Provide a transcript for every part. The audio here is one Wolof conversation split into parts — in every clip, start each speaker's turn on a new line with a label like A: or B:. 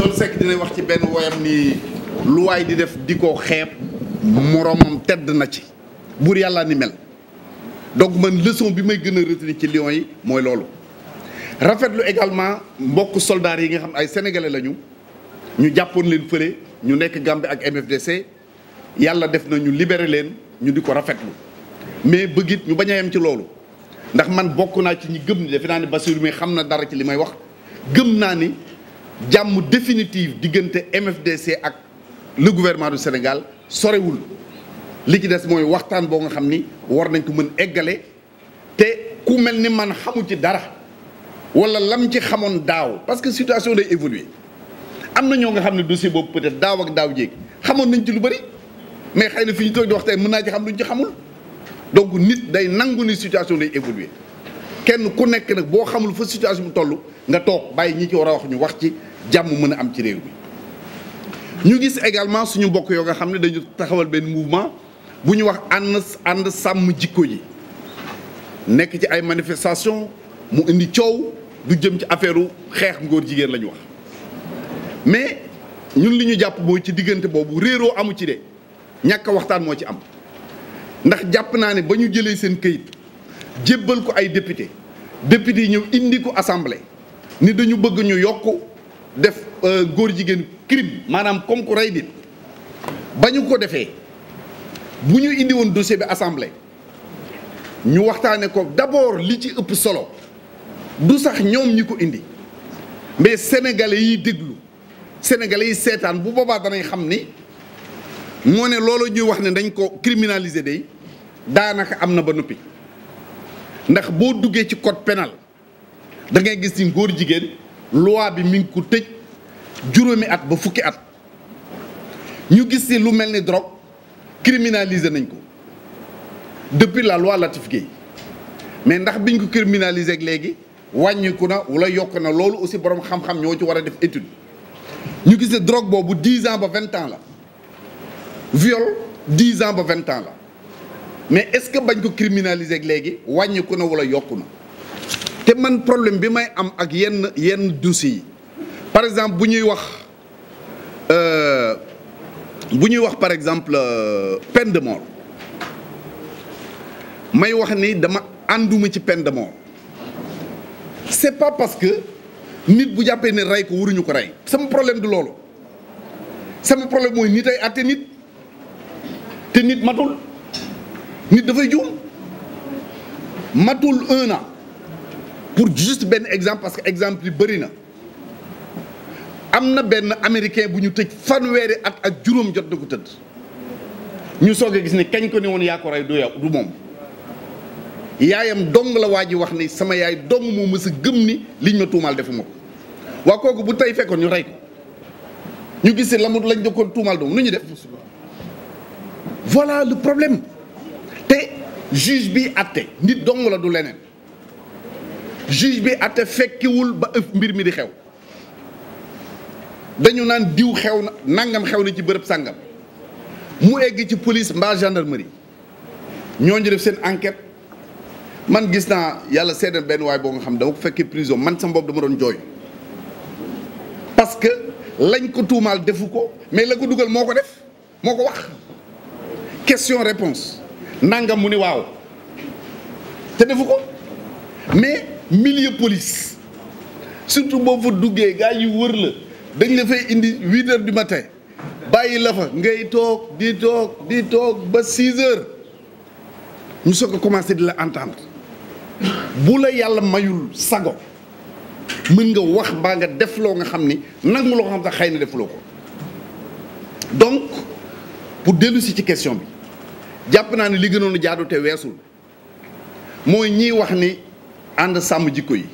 A: Thione Seck dina wax ci benn woyam ni lu waay di def di ko xeeb moroomam tedd na ci buur yàlla ni mel donc man leçon bi may gën a retenir ci lion yi mooy loolu rafetlu également mbokk soldaar yi nga xam ay sénégalais lañu ñu jàppoon leen fële ñu nekk Gambie ak MFDC yàlla def na ñu libéré leen ñu di ko rafetlu mais bëgg ñu bañ a yem ci loolu ndax man bokk naa ci ñi gëm ni defe naa ni Bassirou mi xam na dara ci li may wax gëm naa ni jàmm définitive diggante MFDC ak le gouvernement du Sénégal sorewul li ci des mooy waxtaan boo nga xam ni war nañ ko mën eggale te ku mel ni man xamu ci dara wala lam ci xamoon daaw parce que situation day évoluer am na ñoo nga xam ne dossier boobu peut-être daaw ak daaw jeeg xamoon nañ ci lu bëri mais xëy na fi ñu toog di wax mën naa ci xam luñ ci xamul donc nit day nangu ni situation day évoluer kenn ku nekk nag boo xamul fa situation bi toll nga toog bàyyi ñi ci war a wax wax ci jàmm mën a am ci réew mi ñu gis également suñu mbokk yoo nga xam ne dañu taxawal benn mouvement bu ñu wax ànd ànd sàmm jikko yi nekk ci ay manifestation mu indi coow du jëm ci affaire xeex ngóor jigéen la ñu wax mais ñun li ñu jàpp boobu ci diggante boobu réeroo amu ci de ñàkk waxtaan moo ci am ndax jàpp naa ne ba ñu jëlee seen kayit jébbal ko ay député député yi ñëw indi ko assemblée ni dañu bëgg ñu yokk def euh, góor jigéen crime maanaam comme ku rey nit ba ñu ko defee bu ñu indi woon dossier bi assemblée ñu waxtaane ko d'abord li ci ëpp solo du sax ñoom ñi ko indi mais sénégalais yi déglu sénégalais yi seetaan bu boobaa danañ xam ni moo ne loolu ñuy wax ne dañ ko criminaliser day daanaka am na ba noppi ndax boo duggee ci code pénal da ngay gis ni góor jigéen loi bi ming ko tëj juróomi at ba fukki at ñu gis ni lu mel ni drogue criminalisé nañ ko depuis la loi Latif mais ndax biñ ko criminalisé ak léegi wàññiku na wala yokk na loolu aussi borom xam-xam ñoo ci war a def étude ñu gis ne drogue boobu dix ans ba vingt ans la viol dix ans ba vingt ans la mais est-ce que bañ ko criminalisé ak léegi wàññiku na wala yokku na. te man problème bi may am ak yenn yenn dossiers yi par exemple bu ñuy wax euh, bu ñuy wax par exemple euh, peine de mort may wax ni dama ànduma ci peine de mort c'est pas parce que nit bu jàppee ne rey ko waruñu ko rey sama problème du loolu sama problème mooy nit ay àtte nit te nit matul nit dafay juum matul un an pour juste benn exemple parce que exemple yi bëri na am na benn américain bu ñu tëj fanweeri at ak juróom jot na ko tëdd ñu soog gis ni kañ ko ne woon yaa ko rey du yow du moom yaayam dong la waa ji wax ni sama yaay dong moo mës a gëm ni liñ ma tuumaal defuma ko waa kooku bu tey fekkoon ñu rey ko ñu gis ne la mu lañ dëkkoon tuumaal doom nu ñu def voilà le problème te juge bi àtte nit dong la du leneen juge bi àtte fekkiwul ba ëf mbir mi di xew dañu naan diw xew na nangam xew na ci bërëb sàngam mu egg ci police mbaa gendarmerie ñooñu def seen enquête man gis naa yàlla seedal benn waay boo nga xam dama ko fekkee prison man sa bopp dama doon jooy parce que lañ ko tuumaal defu ko mais la ko dugal moo ko def moo ko wax question réponse nangam mu ni waaw te defu ko mais milieu police surtout boo fa duggee gaa yi wër la dañ la fay indi huit heures du matin bàyyi la fa ngay toog di toog di toog ba six heures ñu soog a commencé di la entendre bu la yàlla mayul sago mën nga wax mbaa nga def loo nga xam ni nag mu loo xam sax xëy na defuloo ko donc pour dellu si ci question bi jàpp naa ne li gënoon a jaadu te weesul mooy ñiy wax ni. ànd sàmm jikko yi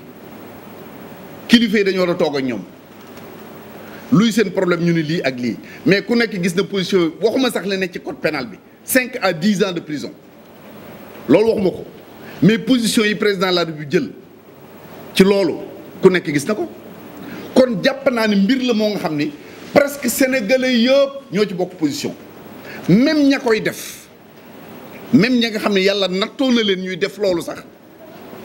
A: kilifa yi dañu war a toog ak ñoom luy seen problème ñu ni lii ak lii mais ku nekk gis na position waxuma sax la ne ci code pénal bi cinq à dix ans de prison loolu waxuma ko mais position yi président la bu jël ci loolu ku nekk gis na ko kon jàpp naa ni mbir la moo nga xam ni presque sénégalais yëpp ñoo ci bokk position même ña koy def même ña nga xam ne yàlla nattoo na leen ñuy def loolu sax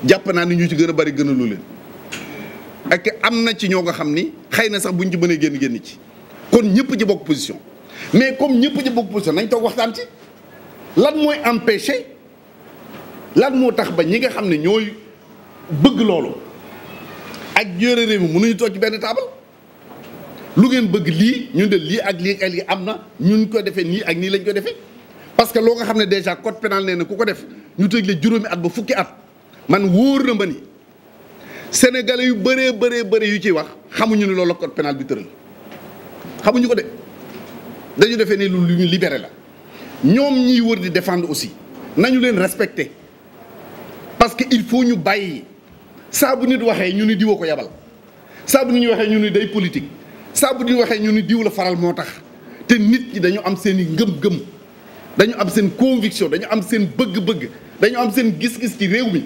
A: jàpp naa ni ñu ci gën a bari gën a lu leen ak am na ci ñoo nga xam ni xëy na sax buñ ci mënee génn génn ci kon ñëpp ci bokk position mais comme ñëpp ci bokk position nañ toog waxtaan ci lan mooy empêché lan moo tax ba ñi nga xam ne ñooy bëgg loolu ak yore réew mi mënuñu toog ci benn taabal lu ngeen bëgg lii ñun de lii ak lii ak yi am na ñun ko defee nii ak nii lañ ko defee parce que loo nga xam ne déjà code pénal nee na ku ko def ñu tëj la juróomi at ba fukki at. man wóor na ma ni sénégalais yu bëree bëree bëri yu ciy wax xamuñu ne loolu la code bi tëral xamuñu ko de dañu defee ne lu ñu libéré la ñoom ñiy wër di défendre aussi nañu leen respecté parce que il faut ñu bàyyi saa bu nit waxee ñu ni diwoo ko yabal saa bu nit ñu waxee ñu ni day politique saa bu nit waxee ñu ni diw la faral moo tax te nit ñi dañu am seen i ngëm-ngëm dañu am seen conviction dañu am seen bëgg-bëgg dañu am seen gis-gis ci réew mi.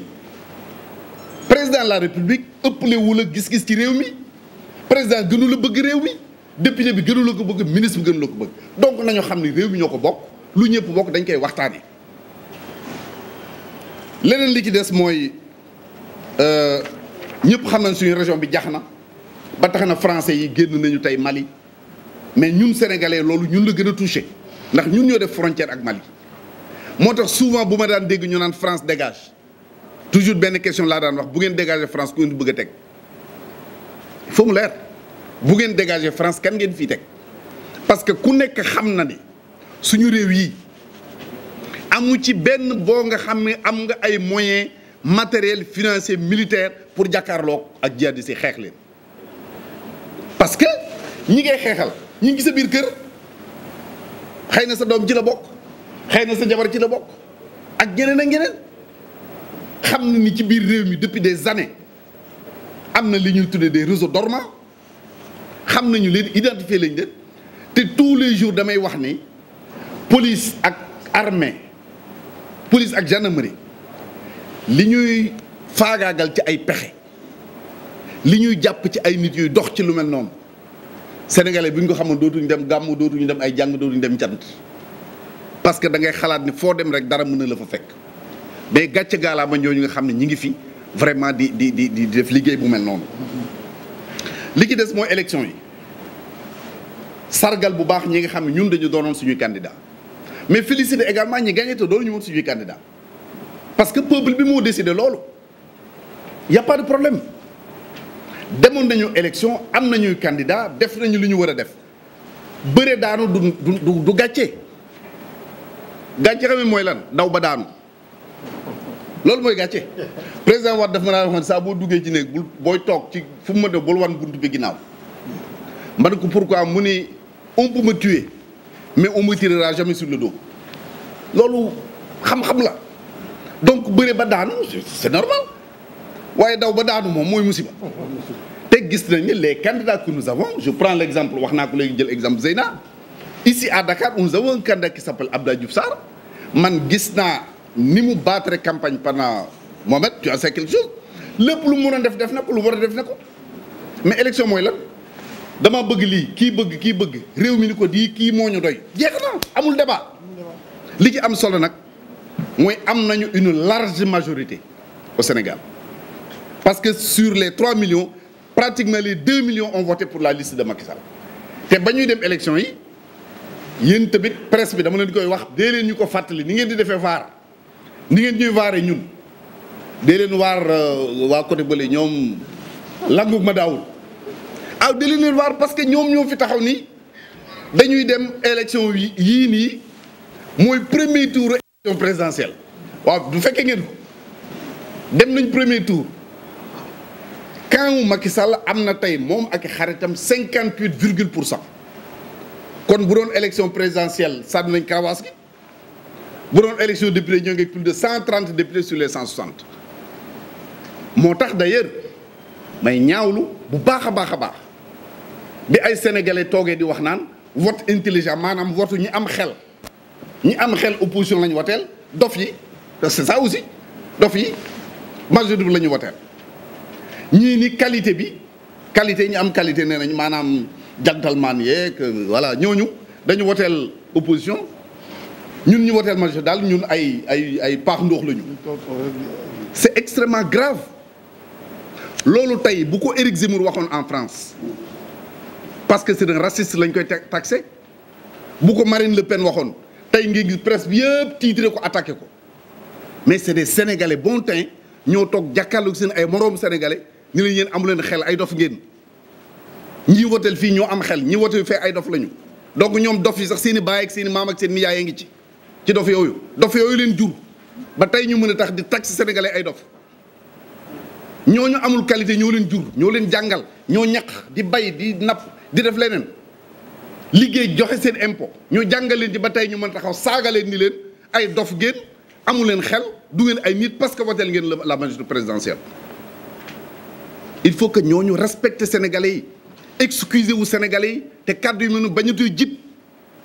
A: président de la république ëpp wu la gis-gis ci réew mi président gënu la bëgg réew mi député bi gënu la ko bëgg ministre bi gënu la ko bëgg donc nañu xam ni réew mi ñoo ko bokk lu ñëpp bokk dañ koy waxtaane leneen li ci des mooy euh, ñëpp xam nañ suñu région bi jax na ba tax na français yi génn nañu tey Mali mais ñun sénégalais loolu ñun la gën a touché ndax ñun ñoo def frontière ak Mali moo tax souvent bu ma daan dégg ñu naan France dégage toujours benn question laa daan wax bu ngeen dégager France ku ngeen bëgg a teg foo mu leer bu ngeen dégager France kan ngeen fii teg parce que ku nekk xam na ni suñu réew yi amu ci benn boo nga xam ne am nga ay moyen matériels financiers militaire pour jàkkaarloo ak jihadistes si xeex leen parce que ñi ngay xeexal ñi ngi sa biir kër xëy na sa doom ci la bokk xëy na sa jabar ci la bokk ak ñeneen ak ñeneen xam na ni ci biir réew mi depuis des années am na li ñuy tuddee des réseau dormants xam nañu leen identifier lañ leen te tous les jours damay wax ni police ak armée police ak gendarmerie li ñuy faagaagal ci ay pexe li ñuy jàpp ci ay nit yuy dox ci lu mel noonu sénégalais bi ñu ko xamoon dootuñu dem gàmm dootuñu dem ay jàng dootuñu dem cant parce que da ngay xalaat ni foo dem rek dara mën na la fa fekk. mais gàcce gaalaama ñu nga xam ne ñi ngi fi vraiment di di di di def liggéey bu mel noonu li ci des mooy élection yi sargal bu baax ñi ngi xam ne ñun dañu doonoon suñuy candidat mais félicité également ñi gagné te doon ñu woon suñuy candidat parce que peuple bi moo décidé loolu y a pas de problème demoon nañu élection am nañuy candidat def nañu li ñu war a def bëre daanu du du du gàcce gàcce mooy lan daw ba daanu loolu mooy gàcce président Wade daf ma naa waxoon saa boo duggee ci néeg bul booy toog ci fu mu ma ne bul wan bunt bi ginnaaw ma ne ko pourquoi mu ni on peut me tuer mais on me tirera jamais sur le dos loolu xam-xam la donc bëre ba daanu c'est normal waaye daw ba daanu moom mooy musiba te gis nañ ne les candidats que nous avons je prends l'exemple wax naa ko léegi jël exemple Zeyna ici à Dakar nous avons un candidat qui s'appelle Abdoulaye Diouf Sarr man gis naa ni mu battre campagne pendant Mohamed tu as sais lépp lu mun mën a def def na ko lu mu war a def na ko mais élection mooy lan dama bëgg lii kii bëgg kii bëgg réew mi ni ko di kii moo ñu doy jeex amul débat li ci am solo nag mooy am nañu une large majorité au Sénégal parce que sur les 3 millions pratiquement les 2 millions ont voté pour la liste de Macky te ba ñuy dem élection yi yéen tamit presse bi dama leen koy wax dee leen ñu ko fàttali ni ngeen di defee vaar ni ngeen ñuy waare ñun dee leen waar euh, waa côté bale ñoom langug ma daawul aw ah, dee leen waar parce que ñoom ñoo fi taxaw nii dañuy dem élection yi yii nii mooy premier tour élection présidentielle waaw du fekkee ngeen ko dem nañ premier tour kaamu Macky Sall am na tey moom ak xaritam cinquante huit virgule pour cent kon bu doon élection présidentielle sànni nañ kaawaas gi bu doon élection député ñoo ngi plus de 130 députés sur les 160 moo tax d'ailleurs may ñaawlu bu baax a baax a baax bi ay sénégalais toogee di wax naan vote intelligent maanaam vote ñi am xel ñi am xel opposition la ñu wateel dof yi parce que c'est ça aussi dof yi majorité bi la ñu wateel ñii ni qualité bi qualité ñi am qualité nee nañu maanaam jantalmaan yeeg voilà ñooñu dañu wateel opposition ñun ñu woteel majorité daal ñun ay ay ay paax ndox la ñu c'est extrêmement grave loolu tey bu ko Éric Zemmour waxoon en France parce que c'est un raciste lañ koy taxé bu ko Marine Le Pen waxoon tey ngi gis presse bi yëpp ko attaqué ko mais c'est des sénégalais bon teint ñoo toog jàkkaarloog seen ay moroomu sénégalais ñu la yéen amu leen xel ay dof ngeen ñi woteel fii ñoo am xel ñi woteel fee ay dof lañu donc ñoom dof yi sax seen i baay ak seen maam ak seen nijaay ngi ci. ci dof yooyu dof yooyu leen jur ba tey ñu mën a tax di tax sénégalais ay dof ñoo ñu amul qualité ñoo leen jur ñoo leen jàngal ñoo ñaq di bay di napp di def leneen liggéey joxe seen impôt ñoo jàngal leen di ba tey ñu mën taxaw saaga leen ni leen ay dof ngeen amul leen xel du ngeen ay nit parce que woteel ngeen la majorité présidentielle. il faut que ñu respecter sénégalais yi excusez wu sénégalais yi te kàddu yi mel ni bañatuy jib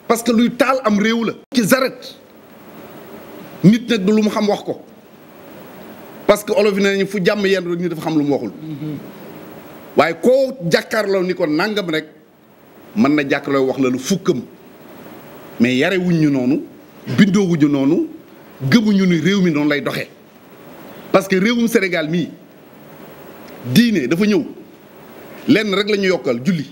A: parce que luy taal am réew la. ci zaret. nit nag lu mu xam wax ko parce que olof yi nañu fu jàmm yenn rek nit dafa xam lu mu waxul waaye koo jàkkaarloo ni ko nàngam rek mën na jàkkaarloo wax la lu fukkam mais yare wuñ ñu noonu bindoo wuñu noonu gëmuñu ni réew mi noonu lay doxe parce que réewum senegal mii diine dafa ñëw lenn rek lañu yokkal julli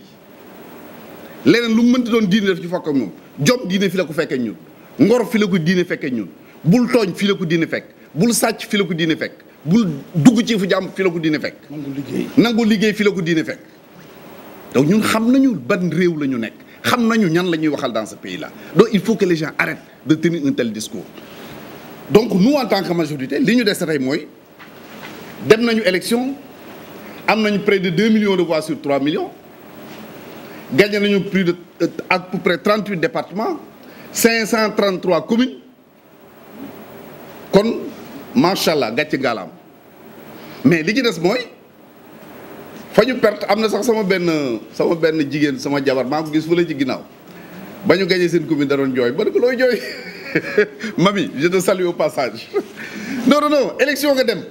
A: leneen lu mu mënti doon diine daf ci fokk ak ñoom jom diine fi la ko fekkee ñun ngoro fi la ko diine fekkee ñun bul tooñ fii la ko diine fekk bul sàcc fii la ko diine fekk bul dugg ci fu jàmm fii la ko diine fekk. nangu liggéey nangu liggéey fii la ko diine fekk. donc ñun xam nañu ban réew la ñu nekk xam nañu ñan la ñuy waxal dans ce pays là donc il faut que les gens arrêtent de tenir un tel discours. donc nous en tant que majorité li ñu des tey mooy dem nañu élection am nañu près de 2 millions de voix sur 3 millions gagné nañu plus de euh, à peu près 38 départements 533 communes. kon macha allah gàcc ngaalaam mais li ci des mooy fa ñu perte am na sax sama benn sama benn jigéen sama jabar maa ko gis fu la ci ginnaaw ba ñu gañee seen commune da doon jooy ba ne ko looy jooy mami je te salue au passage non non élection nga dem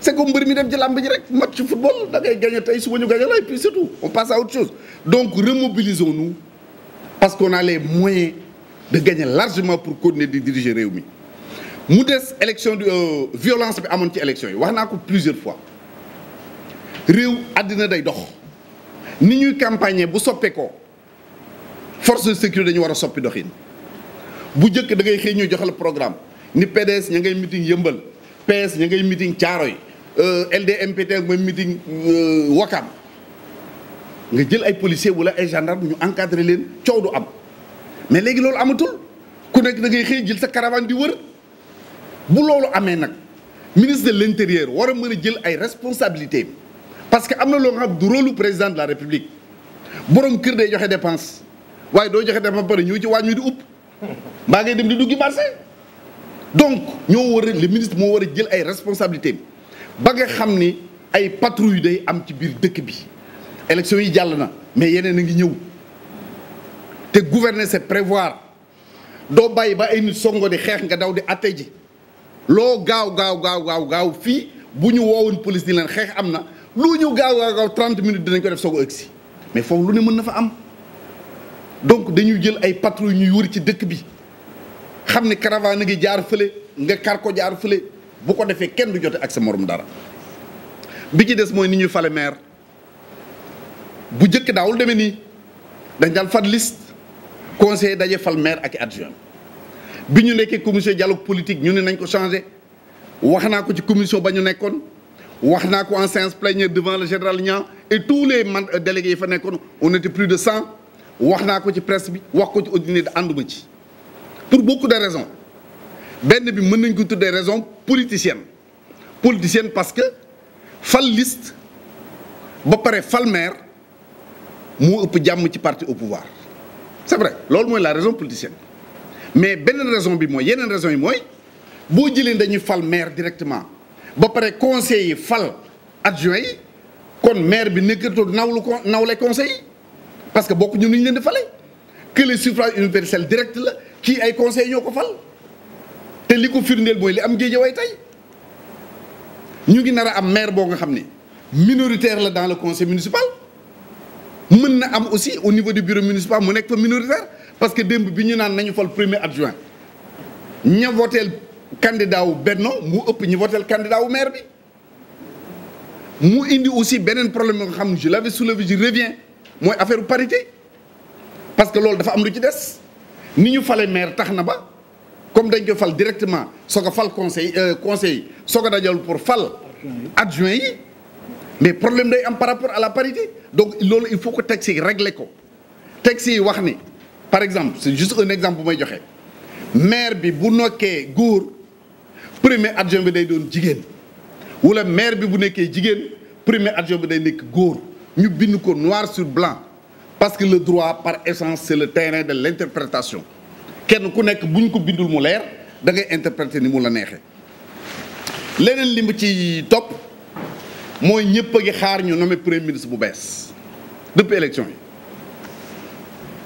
A: c'est comme mbër mi dem ci làmb ji rek match football da ngay gagné tey suba ñu gagné la et puis c'est tout on passe à autre chose donc remobilisons-nous parce que a les moyens de gagner largement pour continuer di diriger réew mi mu des élection du euh, violence bi amoon ci élection yi wax naa ko plusieurs fois réew àddina day dox ni ñuy campagne bu soppeekoo force de sécurité dañu war a soppi doxin bu njëkk da ngay xëy ñu joxal programme ni PDS ña ngay meeting yëmbal PS ñu ngay meeting Caaroy euh, LDMPT mooy meeting euh, Wakam nga jël ay policiers wala ay gendarme ñu encadré leen coow du am mais léegi loolu amatul ku nekk da ngay xëy jël sa caravane di wër. bu loolu amee nag ministre de l'intérieur war a mën a jël ay responsabilités parce que am na loo xam du rôle président de la république borom kër day joxe dépense waaye doo joxe dépense pare ñëw ci waañ wi di upp mbaa ngay dem di duggi marché donc ñoo war a moo war a jël ay responsabilités ba nga xam ni ay patrouille day am ci biir dëkk bi élection yi jàll na mais yeneen a ngi ñëw te gouverner c'est prévoir doo bàyyi ba ay nit songo di xeex nga daw di atte ji loo gaaw gaaw gaaw gaaw gaaw fii bu ñu woowoon police ni leen xeex am na lu ñu gaaw gaaw gaaw 30 minutes dinañ ko def soog a ëgsi mais foofu lu ne mën na fa am donc dañuy jël ay patrouille ñuy wër ci dëkk bi xam ne caravane ngi jaar fële nga kar jaar fële bu ko defee kenn du jote ak sa moroom dara bi ci des mooy ni ñuy fale maire bu jëkk daawul demee nii dañ daal fat liste conseiller daje fal maire ak adjoint bi ñu nekkee commission dialogue politique ñu ne nañ ko changé wax naa ko ci commission ba ñu nekkoon wax naa ko en séance plénière devant le général Niang et tous les man euh, délégués yi fa nekkoon on était plus de cent wax naa ko ci presse bi wax ko ci audiné ànduma ci pour beaucoup de raison benn bi mën nañ ko tuddee raison politicienne politicienne parce que fal list ba pare fal maire moo ëpp jàmm ci parti au pouvoir c'est vrai loolu mooy la raison politicienne mais beneen raison bi mooy yeneen raison yi mooy boo jëlee dañuy fal maire directement ba pare conseil yi fal adjoint yi kon maire bi nekkatul nawlu ko nawle conseil yi parce que bokk ñu nu ñu leen di fale que le suffrage universel direct la kii ay conseil ñoo ko fal te li ko firndeel mooy li am Guédiawaye tey ñu ngi nar am maire boo nga xam ni minoritaire la dans le conseil municipal mën na am aussi au niveau du bureau municipal mu nekk fa minoritaire parce que démb bi ñu naan nañu fal premier adjoint ña voteel candidat wu Benno mu ëpp ñi voteel candidat wu maire bi mu indi aussi beneen problème nga xam ne je l'avais soulevé je reviens mooy affaire parité parce que loolu dafa am lu ci des ni ñu fale maire tax na ba comme dañ ko fal directement soo ko fal conseil euh, conseil soo ko dajal pour fal adjoint yi mais problème day am par rapport à la parité donc loolu il faut que texte yi régler ko texte yi wax ni par exemple c'est juste un exemple bu may joxe maire bi bu nokkee góor premier adjoint bi day doon jigéen wala maire bi bu nekkee jigéen premier adjoint bi day nekk góor ñu bind ko noir sur blanc parce que le droit par essence le terrain de l'interprétation kenn ku nekk bu ñu ko bindul mu leer da ngay interpréter ni mu la neexee leneen li mu ci topp mooy ñëpp a ngi xaar ñu nommé premier ministre bu bees depuis élection yi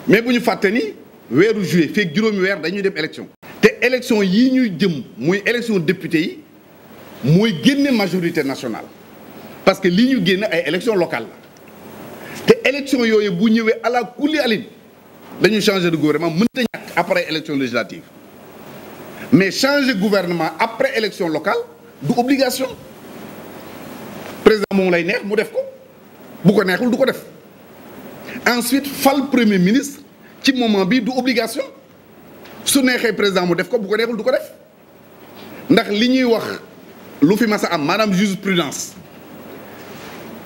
A: mais bu ñu fàtte ni weeru juillet feeg juróomi weer dañuy dem élection te élection yi ñuy jëm muy élection député yi mooy génne majorité nationale parce que lii ñu génn ay élection locale la te élection yooyu bu ñëwee à la kulli alin dañuy changer de gouvernement te ñàkk après élection législative mais changer gouvernement après élection locale du obligation président moom lay neex mu def ko bu ko neexul du ko def ensuite fal premier ministre ci moment bi du obligation su neexee président mu def ko bu ko neexul du ko def ndax li ñuy wax lu fi mas a am maanaam jurisprudence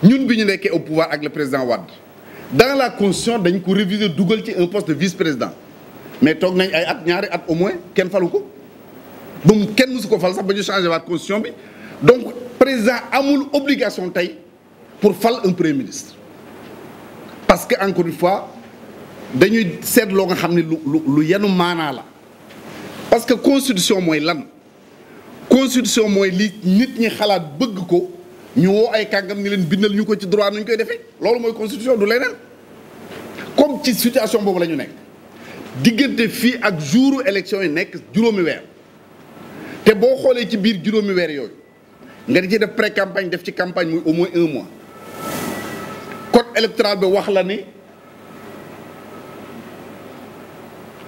A: ñun bi ñu nekkee au pouvoir ak le président Wade dans la constitution dañ ko réviser dugal ci un poste de vice-président mais toog nañ ay at ñaari at au moins kenn falu ko ba mu kenn mësu ko fal sa ba ñu changé waat constitution bi donc président amul obligation tey pour fal un premier ministre parce que encore une fois dañuy seet loo nga xam ne lu lu lu yenu maanaa la parce que constitution mooy lan constitution mooy li nit ñi xalaat bëgg ko ñu woo ay kàngam ni leen bindal ñu ko ci droit nu koy defee loolu mooy constitution du leneen comme ci situation boobu la ñu nekk diggante fii ak jouru élection yi nekk juróomi weer te boo xoolee ci biir juróomi weer yooyu nga di ci def pré campagne def ci campagne muy au moins un mois code électoral bi wax la ni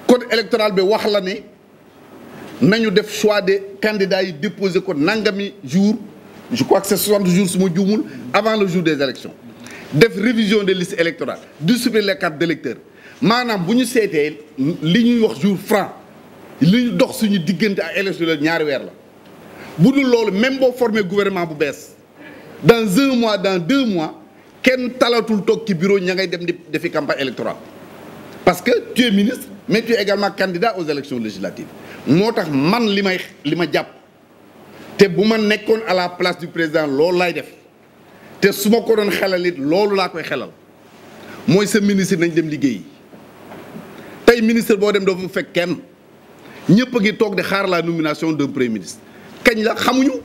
A: code électoral bi wax la ni nañu def choix des candidats yi déposer ko nangami jour je crois que c'est 60 jours su ma juumul avant le jour des élections def révision des listes électorales distribuer les cartes d'électeurs maanaam bu ñu seetee li ñuy wax jour franc li ñu dox suñu diggante ak élection ñaari weer la bu dul loolu même boo formé gouvernement bu bees dans un mois dans deux mois kenn talatul toog ci bureau ña ngay dem di defi campagne électorale parce que tu es ministre mais tu es également candidat aux élections législatives moo tax man li may li ma jàpp te bu ma nekkoon à la place du président loolu laay def te su ma ko doon xelal loolu laa koy xelal mooy sa ministre nañ dem liggéeyi tey ministre boo dem dafa fekk kenn ñëpp ngi toog di xaar la nomination de premier ministre kañ la xamuñu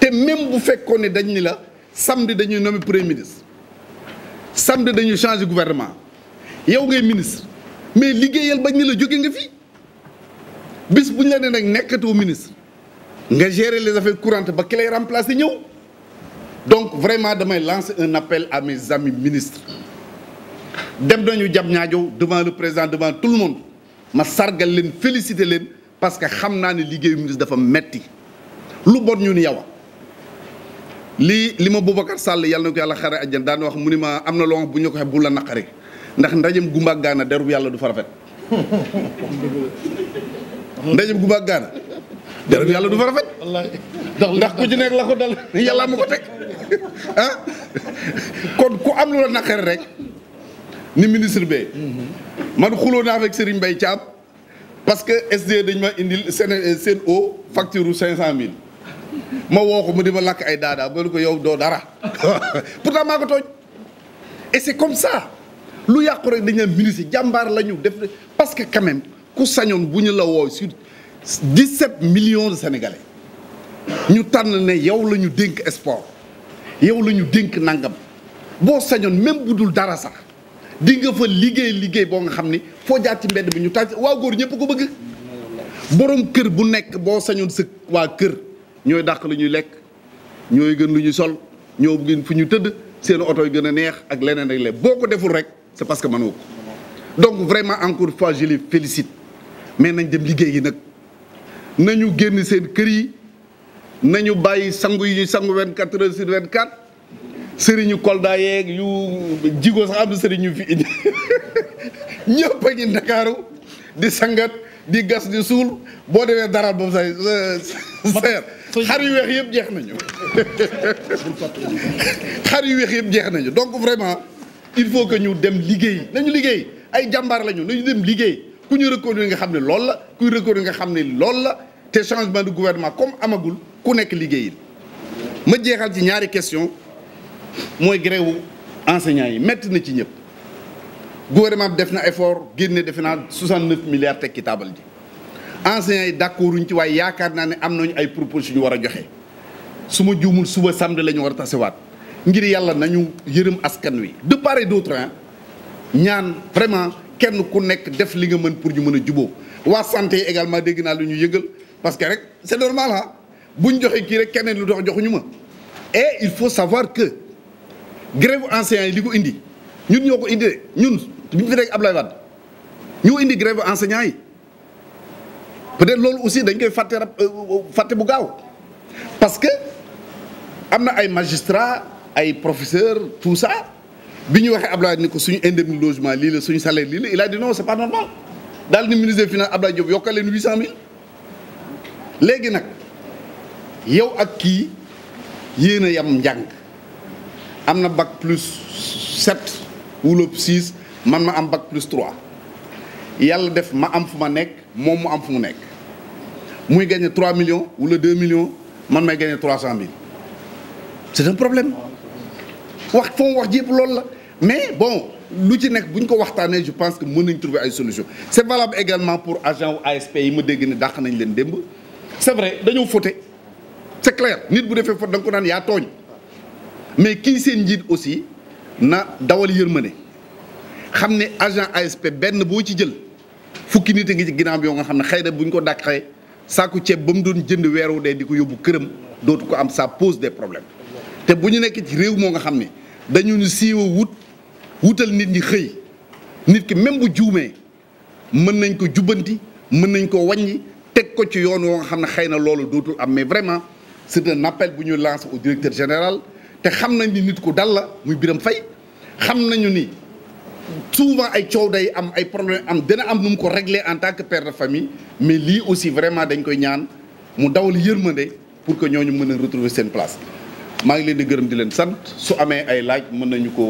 A: te même bu fekkoon ne dañ ni la samedi dañuy nommer premier ministre samedi dañuy changer gouvernement yow ngay ministre mais liggéeyal bañ ni la jóge nga fi bis bu ñu la nee nekk nekkatoo ministre nga gérer les affaires courantes ba ki lay remplacer ñëw donc vraiment damay lancer un appel à mes amis ministre dem nañu jam ñaajow devant le président devant tout le monde ma sargal leen féliciter leen parce que xam naa ne liggéeyu ministre dafa metti lu bon ñu ni yow lii li ma Boubacar Sall yàlla na ko yàlla xare ajjan daan wax mu ni ma am na loo bu ñu ko xeeb bu la naqari ndax ndajem gumba ak gaana derub yàlla du fa rafet ndajem gumba ak yàlla du fa rafet ndax ku ci nekk la ko dal yàlla ma ko teg ah? kon ku am lu la naqari rek ni ministre bee man xuloo naa avec Serigne Mbaye Thiam parce que SDE dañ ma indil seen seen eau facture u cinq cent mille ma woo ko mu di ma lakk ay daadaa ma ne ko yow doo dara pourtant maa ko tooñ et c'est comme sa lu yàqu rek dañu naan ministre jàmbaar la ñu def parce que quand ku sañoon bu ñu la woo sur 17 million de sénégalais ñu tànn ne yow lañu ñu dénk sport yow lañu dénk nangam boo sañoon même bu dul dara sax di fa liggéey liggéey boo nga xam ni foo jaar ci mbedd bi ñu tànn waa góor ñëpp ko bëgg borom kër bu nekk boo sañoon sa waa kër. ñooy dàq lu ñuy lekk ñooy gën lu ñu sol ñoo gën fu ñu tëdd seen oto yi gën a neex ak leneen ak leneen boo ko deful rek c'est parce que mënoo ko donc vraiment encore fois je les félicite mais nañ dem liggéey nag nañu génn seen kër yi nañu bàyyi sangu yi ñuy sangu 24 heures sur 24 sëriñu Kolda yeeg yu jigo sax am na ñu fi indi ñëpp a Ndakaaru di sangat di gas di suul boo demee dara boobu say euh, xar yu weex yëpp jeex nañu xar yu weex yëpp jeex nañu donc vraiment il faut que ñu dem liggéey nañu liggéey ay jàmbaar lañu nañu dem liggéey ku ñu yi nga xam ne lool la ku reconnu nga xam ne loolu la te changement de gouvernement comme amagul ku nekk liggéeyil ma jeexal ci ñaari question mooy grève enseignants yi métti na ci ñëpp gouvernement bi def na effort génne defe naa 69 milliards teg ci taabal ji enseignants yi d'accord ñu ci waaye yaakaar naa ne am nañu ay propositions ñu war a joxe su ma juumul suba samedi la ñu war a tasewaat ngir yàlla nañu yërëm askan wi de part et d'autre ñaan vraiment kenn ku nekk def li nga mën pour ñu mën a juboo waa santé également dégg naa lu ñu yëgël parce que rek c'est normal bu ñu joxe kii rek keneen lu dox joxuñu ma et il faut savoir que grève enseignants yi li ko indi ñun ñoo ko indi de ñun biñu fi rek Ablaye Wade ñoo indi grève enseignants yi peut-être loolu aussi dañ koy fàtte rab euh, euh, fàtte bu gaaw parce que am na ay magistra ay professeurs tout ça bi ñu waxee Abdoulaye ni ko suñu indemnité logement lii la suñu salaire lii la il a dit non c'est pas normal daal ni ministre des finances Abdoulaye Diop yokkal leen huit léegi nag yow ak kii yéen a yam njàng am na bac plus sept wala six man ma am bac plus trois. yàlla def ma am fu ma nekk moom mu am fu mu nekk muy gagné 3 millions wala 2 millions man may gagné 300000 c'est un problème wax foo mu wax ji loolu la mais bon lu ci nekk bu ñu ko waxtaanee je pense que mën nañ trouver ay solutions c'est valable également pour agent ASP yi ma dégg ne dàq nañ leen démb c'est vrai dañoo foote c'est clair nit bu defee faute da nga ko naan yaa tooñ mais kii seen njiit aussi na dawal yërmande xam ne agent ASP benn boo ci jël fukki nit a ngi ci ginnaaw yoo nga xam ne xëy na bu ñu ko dàqee saaku ceeb ba mu doon jënd weeru dee di ko yóbbu këram dootu ko am ça pose des problèmes te bu ñu nekk ci réew moo nga xam ne dañu ñu siiwa wut wutal nit ñi xëy nit ki même bu juumee mën nañ ko jubbanti mën nañ ko wàññi teg ko ci yoon woo nga xam ne xëy na loolu dootul am mais vraiment c'est un appel bu ñu lancé au directeur général te xam nañ ni nit ko dal la muy biram Faye xam nañu ni souvent ay coow day am ay problème am dina am nu mu ko régler en tant que père de famille mais lii aussi vraiment dañ koy ñaan mu dawal yërmande pour que ñooñu mën a retrouver seen place maa ngi leen di gërëm di leen sant su amee ay laaj mën nañu ko